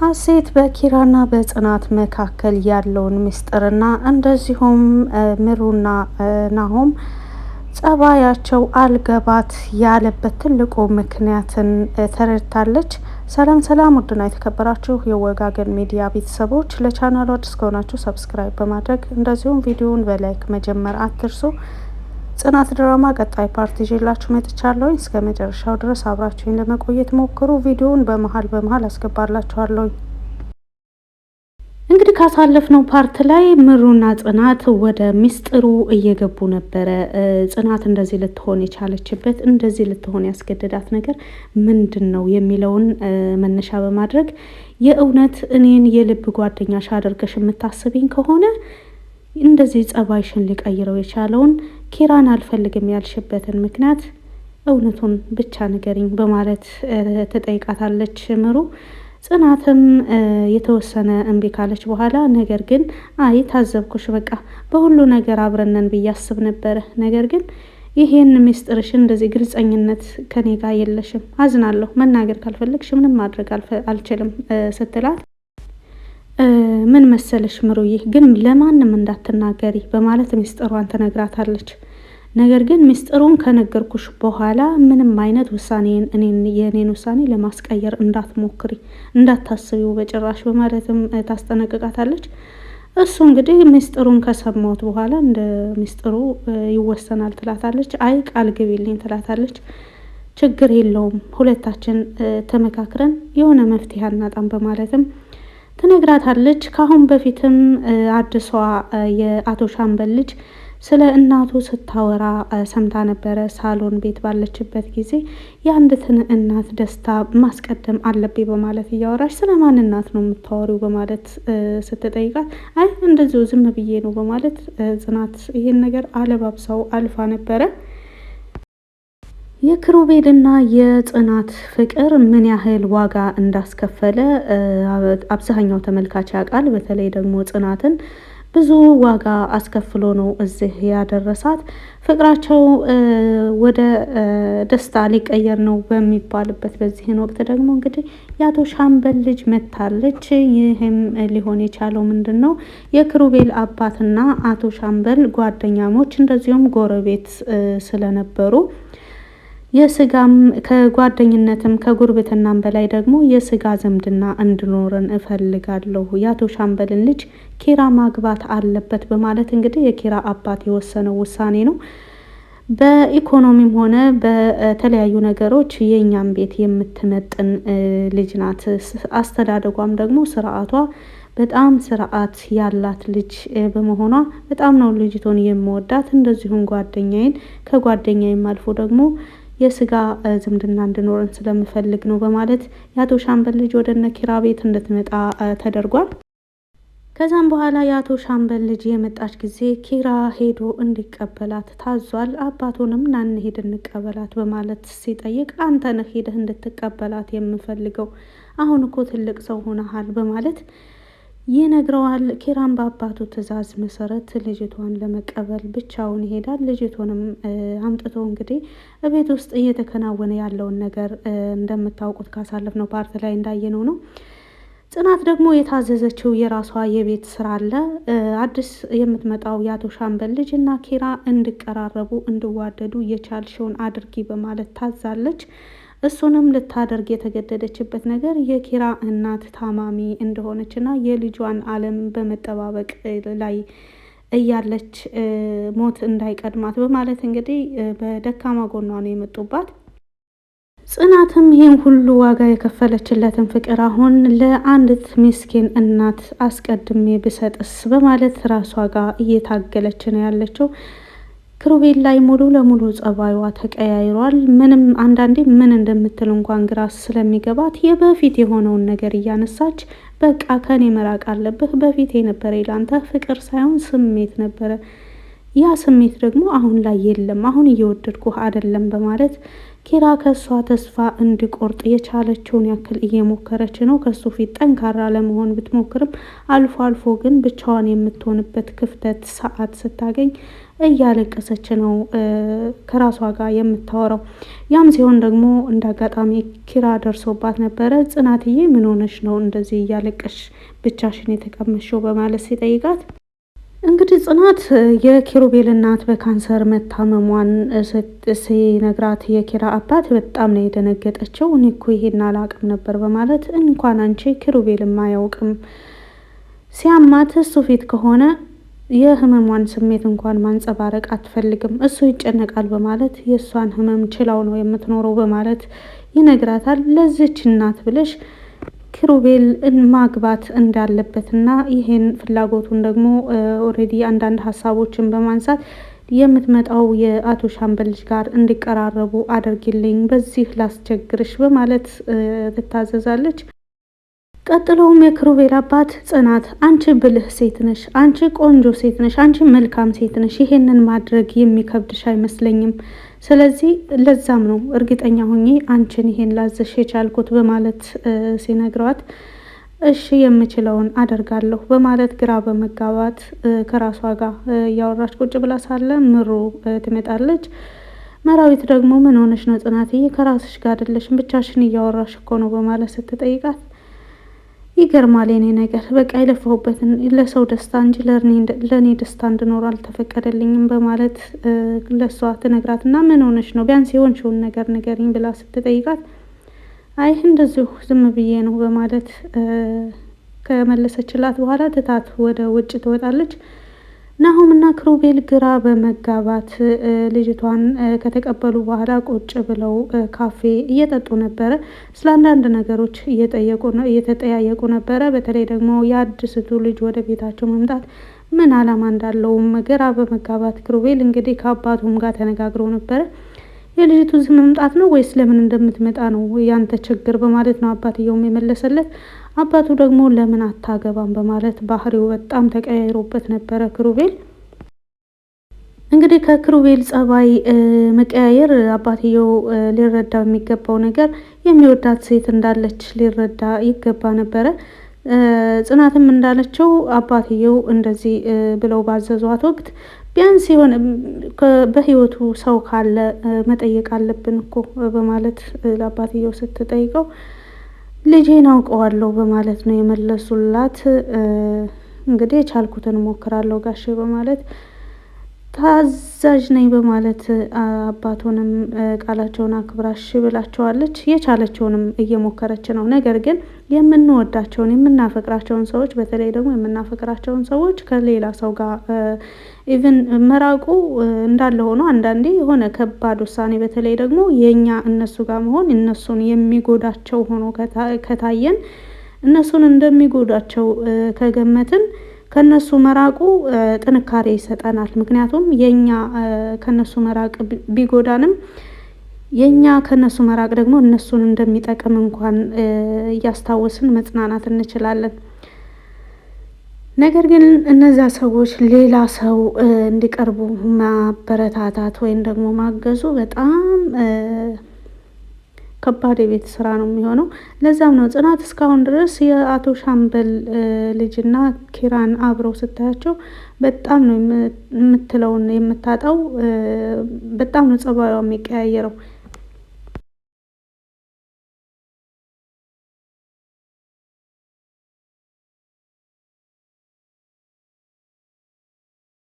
ሀሴት በኪራና በጽናት መካከል ያለውን ምስጢርና እንደዚሁም ምሩና ናሆም ጸባያቸው አልገባት ያለበት ትልቁ ምክንያትን ተረድታለች። ሰላም ሰላም! ውድና የተከበራችሁ የወጋገን ሚዲያ ቤተሰቦች ለቻናሉ አዲስ ከሆናችሁ ሰብስክራይብ በማድረግ እንደዚሁም ቪዲዮውን በላይክ መጀመር አትርሱ። ጽናት ድራማ ቀጣይ ፓርት ይዤላችሁ መጥቻለሁ። እስከ መጨረሻው ድረስ አብራችሁኝ ለመቆየት ሞክሩ። ቪዲዮውን በመሀል በመሀል አስገባላችኋለሁ። እንግዲህ ካሳለፍነው ፓርት ላይ ምሩና ጽናት ወደ ሚስጥሩ እየገቡ ነበረ። ጽናት እንደዚህ ልትሆን የቻለችበት እንደዚህ ልትሆን ያስገደዳት ነገር ምንድን ነው የሚለውን መነሻ በማድረግ የእውነት እኔን የልብ ጓደኛሽ አድርገሽ የምታስብኝ ከሆነ እንደዚህ ጸባይሽን ሊቀይረው የቻለውን ኪራን አልፈልግም ያልሽበትን ምክንያት እውነቱን ብቻ ንገሪኝ በማለት ትጠይቃታለች ምሩ። ጽናትም የተወሰነ እምቢ ካለች በኋላ ነገር ግን አይ ታዘብኩሽ፣ በቃ በሁሉ ነገር አብረነን ብዬ አስብ ነበረ። ነገር ግን ይሄን ሚስጥርሽን እንደዚህ ግልጸኝነት ከኔ ጋር የለሽም፣ አዝናለሁ። መናገር ካልፈለግሽ ምንም ማድረግ አልችልም ስትላት ምን መሰለሽ ምሩዬ ግን ለማንም እንዳትናገሪ በማለት ሚስጥሯን ትነግራታለች። ነገር ግን ሚስጥሩን ከነገርኩሽ በኋላ ምንም አይነት ውሳኔ የእኔን ውሳኔ ለማስቀየር እንዳትሞክሪ እንዳታስቢው በጭራሽ በማለትም ታስጠነቅቃታለች። እሱ እንግዲህ ሚስጥሩን ከሰማሁት በኋላ እንደ ሚስጥሩ ይወሰናል ትላታለች። አይ ቃል ግቢልኝ ትላታለች። ችግር የለውም ሁለታችን ተመካክረን የሆነ መፍትሄ አናጣም በማለትም ትነግራታለች። ካአሁን በፊትም አዲሷ የአቶ ሻምበል ልጅ ስለ እናቱ ስታወራ ሰምታ ነበረ። ሳሎን ቤት ባለችበት ጊዜ የአንዲትን እናት ደስታ ማስቀደም አለብኝ በማለት እያወራች ስለ ማን እናት ነው የምታወሪው በማለት ስትጠይቃት፣ አይ እንደዚሁ ዝም ብዬ ነው በማለት ጽናት ይህን ነገር አለባብሳው አልፋ ነበረ። የክሩቤልና የጽናት ፍቅር ምን ያህል ዋጋ እንዳስከፈለ አብዛኛው ተመልካች ያውቃል። በተለይ ደግሞ ጽናትን ብዙ ዋጋ አስከፍሎ ነው እዚህ ያደረሳት። ፍቅራቸው ወደ ደስታ ሊቀየር ነው በሚባልበት በዚህን ወቅት ደግሞ እንግዲህ የአቶ ሻምበል ልጅ መታለች። ይህም ሊሆን የቻለው ምንድን ነው የክሩቤል አባትና አቶ ሻምበል ጓደኛሞች እንደዚሁም ጎረቤት ስለነበሩ የስጋም ከጓደኝነትም ከጉርብትናም በላይ ደግሞ የስጋ ዝምድና እንድኖረን እፈልጋለሁ። የአቶ ሻምበልን ልጅ ኪራ ማግባት አለበት በማለት እንግዲህ የኪራ አባት የወሰነው ውሳኔ ነው። በኢኮኖሚም ሆነ በተለያዩ ነገሮች የእኛም ቤት የምትመጥን ልጅ ናት። አስተዳደጓም ደግሞ ስርዓቷ በጣም ስርዓት ያላት ልጅ በመሆኗ በጣም ነው ልጅቶን የምወዳት። እንደዚሁም ጓደኛዬን ከጓደኛዬም አልፎ ደግሞ የስጋ ዝምድና እንድኖረን ስለምፈልግ ነው በማለት የአቶ ሻምበል ልጅ ወደ እነ ኪራ ቤት እንድትመጣ ተደርጓል። ከዛም በኋላ የአቶ ሻምበል ልጅ የመጣች ጊዜ ኪራ ሄዶ እንዲቀበላት ታዟል። አባቱንም ና እንሂድ እንቀበላት በማለት ሲጠይቅ አንተ ነህ ሄደህ እንድትቀበላት የምፈልገው አሁን እኮ ትልቅ ሰው ሆነሃል በማለት ይነግረዋል። ኪራም በአባቱ ትዕዛዝ መሰረት ልጅቷን ለመቀበል ብቻውን ይሄዳል። ልጅቷንም አምጥቶ እንግዲህ ቤት ውስጥ እየተከናወነ ያለውን ነገር እንደምታውቁት ነው ፓርት ላይ እንዳየነው ነው። ጽናት ደግሞ የታዘዘችው የራሷ የቤት ስራ አለ። አዲስ የምትመጣው የአቶ ሻምበል ልጅ እና ኪራ እንዲቀራረቡ እንዲዋደዱ የቻልሽውን አድርጊ በማለት ታዛለች። እሱንም ልታደርግ የተገደደችበት ነገር የኪራ እናት ታማሚ እንደሆነች እና የልጇን አለም በመጠባበቅ ላይ እያለች ሞት እንዳይቀድማት በማለት እንግዲህ በደካማ ጎኗ ነው የመጡባት። ጽናትም ይህን ሁሉ ዋጋ የከፈለችለትን ፍቅር አሁን ለአንዲት ምስኪን እናት አስቀድሜ ብሰጥስ በማለት ራሷ ጋር እየታገለች ነው ያለችው። ክሩቤል ላይ ሙሉ ለሙሉ ጸባይዋ ተቀያይሯል። ምንም አንዳንዴ ምን እንደምትል እንኳን ግራ ስለሚገባት የበፊት የሆነውን ነገር እያነሳች በቃ ከኔ መራቅ አለብህ፣ በፊት የነበረ ላንተ ፍቅር ሳይሆን ስሜት ነበረ፣ ያ ስሜት ደግሞ አሁን ላይ የለም፣ አሁን እየወደድኩህ አይደለም በማለት ኪራ ከእሷ ተስፋ እንዲቆርጥ የቻለችውን ያክል እየሞከረች ነው። ከሱ ፊት ጠንካራ ለመሆን ብትሞክርም አልፎ አልፎ ግን ብቻዋን የምትሆንበት ክፍተት ሰዓት ስታገኝ እያለቀሰች ነው ከራሷ ጋር የምታወራው። ያም ሲሆን ደግሞ እንደ አጋጣሚ ኪራ ደርሶባት ነበረ። ጽናትዬ ምን ሆነሽ ነው እንደዚህ እያለቀሽ ብቻሽን የተቀመሽው? በማለት ሲጠይቃት እንግዲህ ጽናት የኪሩቤል እናት በካንሰር መታመሟን ሲነግራት የኪራ አባት በጣም ነው የደነገጠችው። እኔ እኮ ይሄን አላቅም ነበር በማለት እንኳን አንቺ ኪሩቤልም አያውቅም ሲያማት እሱ ፊት ከሆነ የህመሟን ስሜት እንኳን ማንጸባረቅ አትፈልግም። እሱ ይጨነቃል በማለት የእሷን ህመም ችላው ነው የምትኖረው በማለት ይነግራታል። ለዚች እናት ብለሽ ኪሩቤል ማግባት እና ይሄን ፍላጎቱን ደግሞ ኦልሬዲ አንዳንድ ሀሳቦችን በማንሳት የምትመጣው የአቶ ሻምበል ልጅ ጋር እንዲቀራረቡ አድርጊልኝ፣ በዚህ ላስቸግርሽ በማለት ትታዘዛለች። ቀጥለውም የክሩቤል አባት ጽናት አንቺ ብልህ ሴት ነሽ፣ አንቺ ቆንጆ ሴት ነሽ፣ አንቺ መልካም ሴት ነሽ፣ ይሄንን ማድረግ የሚከብድሽ አይመስለኝም። ስለዚህ ለዛም ነው እርግጠኛ ሆኜ አንቺን ይሄን ላዘሽ የቻልኩት በማለት ሲነግረዋት እሺ የምችለውን አደርጋለሁ በማለት ግራ በመጋባት ከራሷ ጋር እያወራች ቁጭ ብላ ሳለ ምሩ ትመጣለች። መራዊት ደግሞ ምን ሆነሽ ነው ጽናትዬ? ከራስሽ ጋር አይደለሽም ብቻሽን እያወራሽ እኮ ነው በማለት ስትጠይቃት ይገርማል። የኔ ነገር በቃ የለፋሁበትን ለሰው ደስታ እንጂ ለእኔ ደስታ እንድኖር አልተፈቀደልኝም በማለት ለሷ ትነግራት እና ምን ሆነች ነው ቢያንስ የሆንሽውን ነገር ንገሪኝ ብላ ስትጠይቃት አይ እንደዚሁ ዝም ብዬ ነው በማለት ከመለሰችላት በኋላ ትታት ወደ ውጭ ትወጣለች። እና ክሩቤል ግራ በመጋባት ልጅቷን ከተቀበሉ በኋላ ቁጭ ብለው ካፌ እየጠጡ ነበረ። ስለ አንዳንድ ነገሮች እየተጠያየቁ ነበረ። በተለይ ደግሞ የአዲስቱ ልጅ ወደ ቤታቸው መምጣት ምን ዓላማ እንዳለውም ግራ በመጋባት ክሩቤል እንግዲህ ከአባቱም ጋር ተነጋግሮ ነበረ። የልጅቱ እዚህ መምጣት ነው ወይስ ለምን እንደምትመጣ ነው ያንተ ችግር በማለት ነው አባትየውም የመለሰለት። አባቱ ደግሞ ለምን አታገባም በማለት ባህሪው በጣም ተቀያይሮበት ነበረ ክሩቤል። እንግዲህ ከክሩቤል ጸባይ መቀያየር አባትየው ሊረዳ የሚገባው ነገር የሚወዳት ሴት እንዳለች ሊረዳ ይገባ ነበረ። ጽናትም እንዳለችው አባትየው እንደዚህ ብለው ባዘዟት ወቅት ቢያንስ የሆነ በህይወቱ ሰው ካለ መጠየቅ አለብን እኮ በማለት ለአባትየው ስትጠይቀው ልጄን አውቀዋለሁ በማለት ነው የመለሱላት። እንግዲህ የቻልኩትን ሞክራለሁ ጋሼ በማለት ታዛዥ ነኝ በማለት አባቱንም ቃላቸውን አክብራ እሺ ብላቸዋለች። የቻለችውንም እየሞከረች ነው። ነገር ግን የምንወዳቸውን የምናፈቅራቸውን ሰዎች በተለይ ደግሞ የምናፈቅራቸውን ሰዎች ከሌላ ሰው ጋር ኢቭን መራቁ እንዳለ ሆኖ አንዳንዴ የሆነ ከባድ ውሳኔ በተለይ ደግሞ የእኛ እነሱ ጋር መሆን እነሱን የሚጎዳቸው ሆኖ ከታየን እነሱን እንደሚጎዳቸው ከገመትን ከነሱ መራቁ ጥንካሬ ይሰጠናል። ምክንያቱም የኛ ከነሱ መራቅ ቢጎዳንም የእኛ ከነሱ መራቅ ደግሞ እነሱን እንደሚጠቅም እንኳን እያስታወስን መጽናናት እንችላለን። ነገር ግን እነዚያ ሰዎች ሌላ ሰው እንዲቀርቡ ማበረታታት ወይም ደግሞ ማገዙ በጣም ከባድ የቤት ስራ ነው የሚሆነው። ለዛም ነው ጽናት እስካሁን ድረስ የአቶ ሻምበል ልጅና ኪራን አብረው ስታያቸው በጣም ነው የምትለውን የምታጣው። በጣም ነው ጸባዩ የሚቀያየረው።